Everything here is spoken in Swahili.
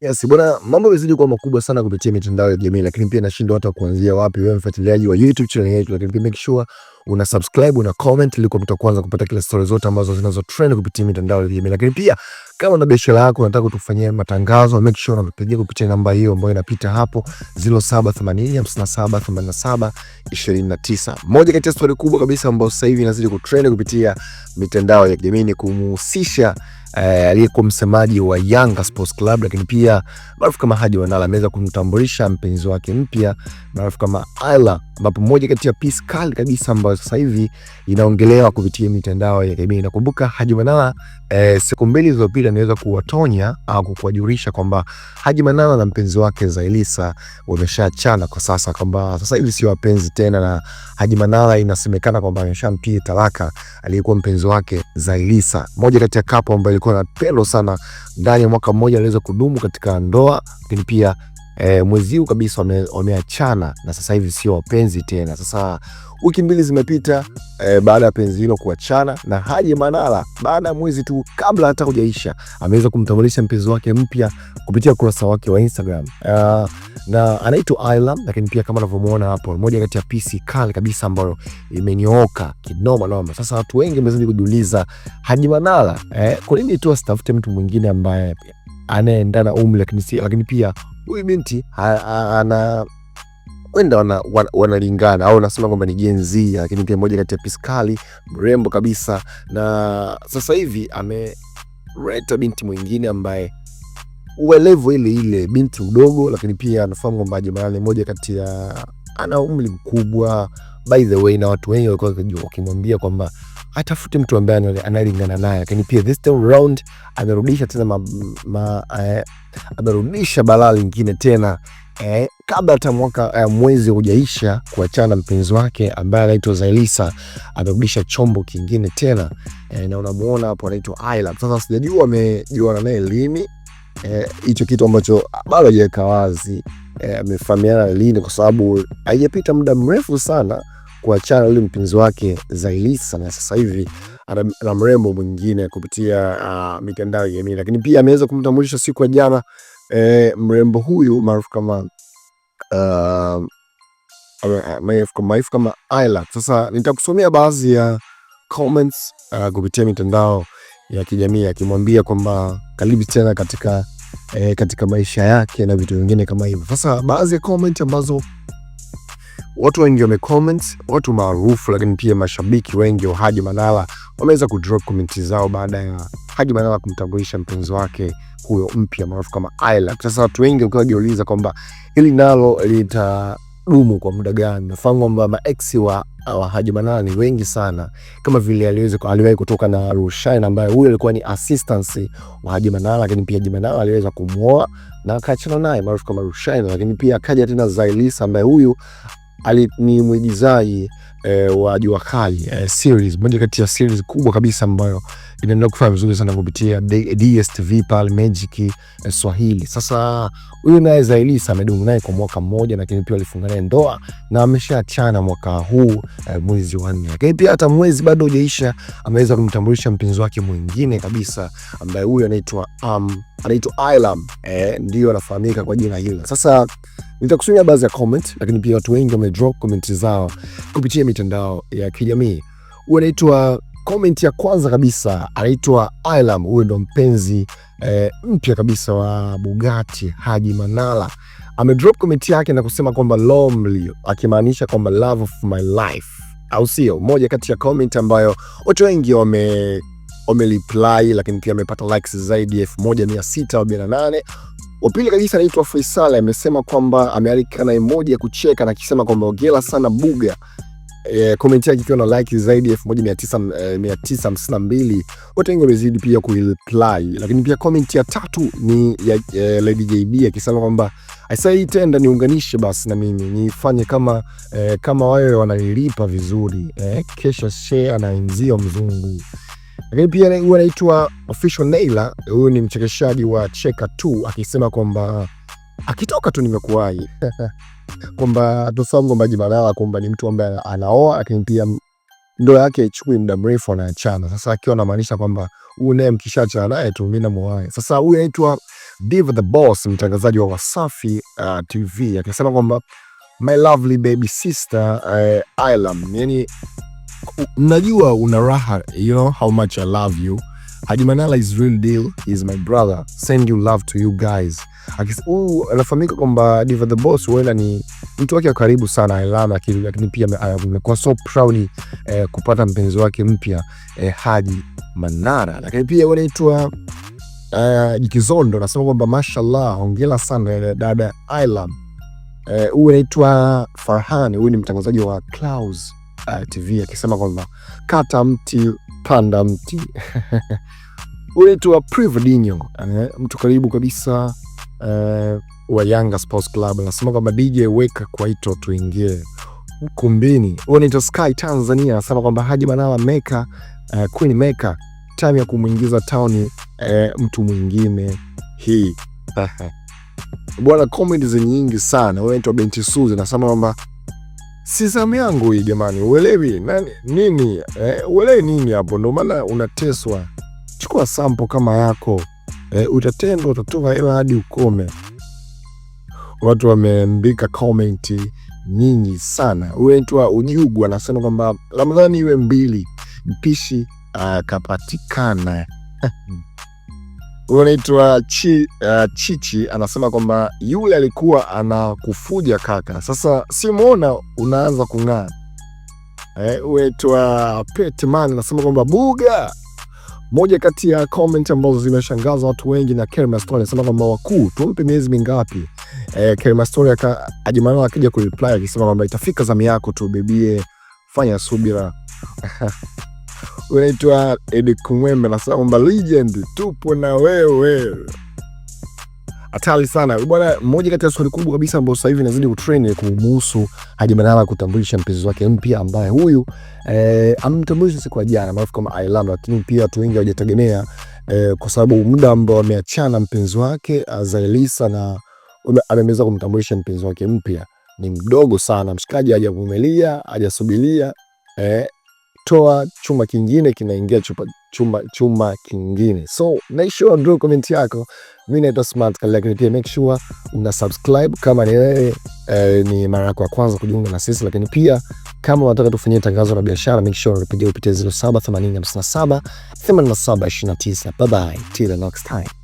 Yes, bwana, mambo yamezidi kuwa makubwa sana kupitia mitandao ya jamii, lakini pia nashindwa hata kuanzia wapi. Wewe mfuatiliaji wa YouTube channel yetu, lakini pia make sure una subscribe, una comment ili kwa mtu kwanza kupata kila story zote ambazo zinazo trend kupitia mitandao ya jamii. Lakini pia kama una biashara yako unataka kutufanyia matangazo, make sure unatupigia kupitia namba hiyo ambayo inapita hapo 0780578729. Moja kati ya story kubwa kabisa ambayo sasa hivi inazidi kutrend kupitia mitandao ya jamii ni kumhusisha eh, aliyekuwa msemaji wa Yanga Sports Club, lakini pia maarufu kama Haji Manara ameweza kumtambulisha mpenzi wake mpya maarufu kama Ayla, ambapo moja kati ya piece kali kabisa ambayo sasa hivi inaongelewa kupitia mitandao ya kijamii. Nakumbuka Haji Manara E, siku mbili zilizopita niweza kuwatonya au ah, kukuwajulisha kwamba Haji Manara na mpenzi wake Zailisa wameshaachana kwa sasa, kwamba sasa hivi sio wapenzi tena, na Haji Manara inasemekana kwamba ameshampia talaka aliyekuwa mpenzi wake Zailisa, moja kati ya kapo ambayo ilikuwa na pelo sana. Ndani ya mwaka mmoja aliweza kudumu katika ndoa, lakini pia e, mwezi huu kabisa wameachana na sasa hivi sio wapenzi tena. Sasa wiki mbili zimepita e, baada ya penzi hilo kuachana, na Haji Manara baada ya mwezi tu kabla hata kujaisha ameweza kumtambulisha mpenzi wake mpya kupitia ukurasa wake wa Instagram. Uh, na anaitwa Ayla, lakini pia kama unavyomwona hapo, moja kati ya pisi kali kabisa ambayo imenyooka kinoma noma. Sasa watu wengi wamezidi kujiuliza Haji Manara, eh, kwa nini tu asitafute mtu mwingine ambaye anaendana umri lakini pia huyu binti ana wenda wanalingana wana, wana au nasema kwamba ni Gen Z, lakini pia moja kati ya piskali mrembo kabisa, na sasa hivi ameleta binti mwingine ambaye uelevu ile ile, binti mdogo, lakini pia anafahamu kwamba jamaa ni moja kati ya ana umri mkubwa by the way, na watu wengi walikuwa wakimwambia kwamba atafute mtu ambaye analingana naye, lakini pia this time round amerudisha tena ma, ma, eh, amerudisha balaa lingine tena eh, kabla hata mwaka eh, mwezi hujaisha kuachana mpenzi wake ambaye anaitwa Zailisa amerudisha chombo kingine tena eh, na unamuona hapo anaitwa Ayla. Sasa sijajua amejuana naye lini eh, hicho eh, kitu ambacho bado hajaweka wazi eh, amefahamiana eh, lini, kwa sababu haijapita muda mrefu sana kuachana yule mpinzi wake Zailisa, na sasa hivi ana mrembo mwingine kupitia uh, mitandao ya jamii, lakini pia ameweza kumtambulisha siku ya jana eh, mrembo huyu maarufu kama uh, maarufu kama Ayla. Sasa nitakusomea baadhi ya comments uh, kupitia mitandao ya kijamii akimwambia kwamba karibu tena katika eh, katika maisha yake na vitu vingine kama hivyo. Sasa baadhi ya comment ambazo watu wengi wamecomment, watu maarufu lakini pia mashabiki wengi wa Haji Manara wameweza kudrop comment zao baada ya Haji Manara kumtambulisha mpenzi wake huyo mpya maarufu kama Ayla. Sasa watu wengi wakiwa wakiuliza kwamba hili nalo litadumu kwa muda gani? Nafahamu kwamba maex wa wa Haji Manara ni wengi sana, kama vile aliweza aliwahi kutoka na Rushayn ambaye huyo alikuwa ni assistant wa Haji Manara, lakini pia Haji Manara aliweza kumwoa na akaachana naye maarufu kama Rushayn, lakini pia akaja tena Zailisa ambaye huyu ni mwigizaji e, wa Jua Kali e, series, moja kati ya series kubwa kabisa ambayo inaendelea kufanya vizuri sana kupitia DSTV pale Magic e, Swahili. Sasa huyu naye Zailisa amedumu naye kwa mwaka mmoja, lakini pia alifunga naye ndoa na ameshaachana mwaka huu e, mwezi wa nne, lakini pia hata mwezi bado hujaisha ameweza kumtambulisha mpenzi wake mwingine kabisa ambaye huyu anaitwa um, anaitwa Ilam eh, ndio anafahamika kwa jina hilo. Sasa nitakusomea baadhi ya comment, lakini pia watu wengi wamedrop comment zao kupitia mitandao ya kijamii. Huyu anaitwa comment ya kwanza kabisa anaitwa Ilam, huyu ndo mpenzi e, mpya kabisa wa Bugatti Haji Manala amedrop comment yake na kusema kwamba lonely, akimaanisha kwamba love of my life, au sio? Moja kati ya comment ambayo watu wengi wame wamereply lakini pia amepata likes zaidi ya elfu moja mia sita nane. Wa pili kabisa anaitwa Faisal amesema kwamba amealika na emoji ya kucheka na akisema kwamba ongera sana Buga E, eh, komenti yake ikiwa na like zaidi ya eh, mbili watu wengi wamezidi pia kuireply. Lakini pia komenti ya tatu ni ya eh, Lady JB akisema kwamba aisai tenda niunganishe basi na mimi nifanye kama eh, kama wawe wananilipa vizuri e, eh, kesha share anaenzio mzungu lakini pia huyu anaitwa Official Naila, huyu ni mchekeshaji wa Cheka tu akisema kwamba akitoka tu nimekuwahi kwamba tufahamu kwamba Jibalala kwamba ni mtu ambaye anaoa lakini pia ndoa yake ichukui muda mrefu, anaachana. Sasa akiwa anamaanisha kwamba huyu naye mkishaachana naye tu mimi namuoa. Sasa huyu anaitwa Diva the Boss, mtangazaji wa Wasafi uh, TV akisema kwamba my lovely baby sister uh, Ilam, yani najua una raha you know how much I love you Hajimanala is real deal, is my brother. Send you love to you guys. Anafahamika kwamba Diva the Boss huenda ni mtu wake wa karibu sana Alana, lakini pia amekuwa so proud eh, kupata mpenzi wake mpya eh, Haji Manara, lakini pia anaitwa Uh, Jikizondo nasema kwamba mashallah, hongera sana eh, dada Ilam. Eh, huyu uh, anaitwa Farhan, huyu ni mtangazaji wa Clouds uh, TV akisema kwamba kata mti kupanda mti unaitwa Privadinho eh, mtu karibu kabisa eh, wa Yanga Sports Club anasema kwamba DJ weka kwaito tuingie ukumbini. Huyo Sky Tanzania anasema kwamba Haji Manara meka eh, queen meka time ya kumwingiza tauni eh, mtu mwingine hii bwana, komedi nyingi sana. Huyo Binti Suzi anasema kwamba si zamu yangu hii jamani, uelewi nani nini eh, uelewi nini hapo? Ndo maana unateswa. Chukua sampo kama yako eh, utatendwa, utatoa hela hadi ukome. Watu wameandika komenti nyingi sana. Unaitwa Ujugu anasema kwamba Ramadhani iwe mbili, mpishi ah, akapatikana. Huyo anaitwa Chi, uh, Chichi anasema kwamba yule alikuwa anakufuja kaka, sasa simuona unaanza kung'aa. Huyo eh, Petman anasema kwamba buga. Moja kati ya comment ambazo zimeshangaza watu wengi na Kermastori anasema kwamba wakuu, tumpe miezi mingapi? Eh, Kermastori ajimanao akija kureply akisema kwamba itafika zamu yako tu bibie, fanya subira unaitwa Edikumwembe na Sound Legend, tupo na wewe. Hatari sana bwana. Mmoja kati ya swali kubwa kabisa ambayo sasa hivi inazidi kutrend kumhusu Haji Manara kutambulisha mpenzi wake mpya ambaye huyu eh, amtambulisha siku ya jana maarufu kama Aylan, lakini pia watu wengi hawajategemea eh, kwa sababu muda ambao wameachana mpenzi wake Zailisa na ameweza kumtambulisha mpenzi wake mpya ni mdogo sana. Mshikaji hajavumilia hajasubilia, eh, kutoa chuma kingine kinaingia chupa, chuma, chuma kingine. So make sure ndio comment yako. Mimi naitwa Smart Kali, lakini pia make sure una subscribe kama ni wewe eh, ni mara yako ya kwanza kujiunga na sisi, lakini pia kama unataka tufanyie tangazo la biashara make sure unapigia upitie 0780578729. Bye bye till the next time.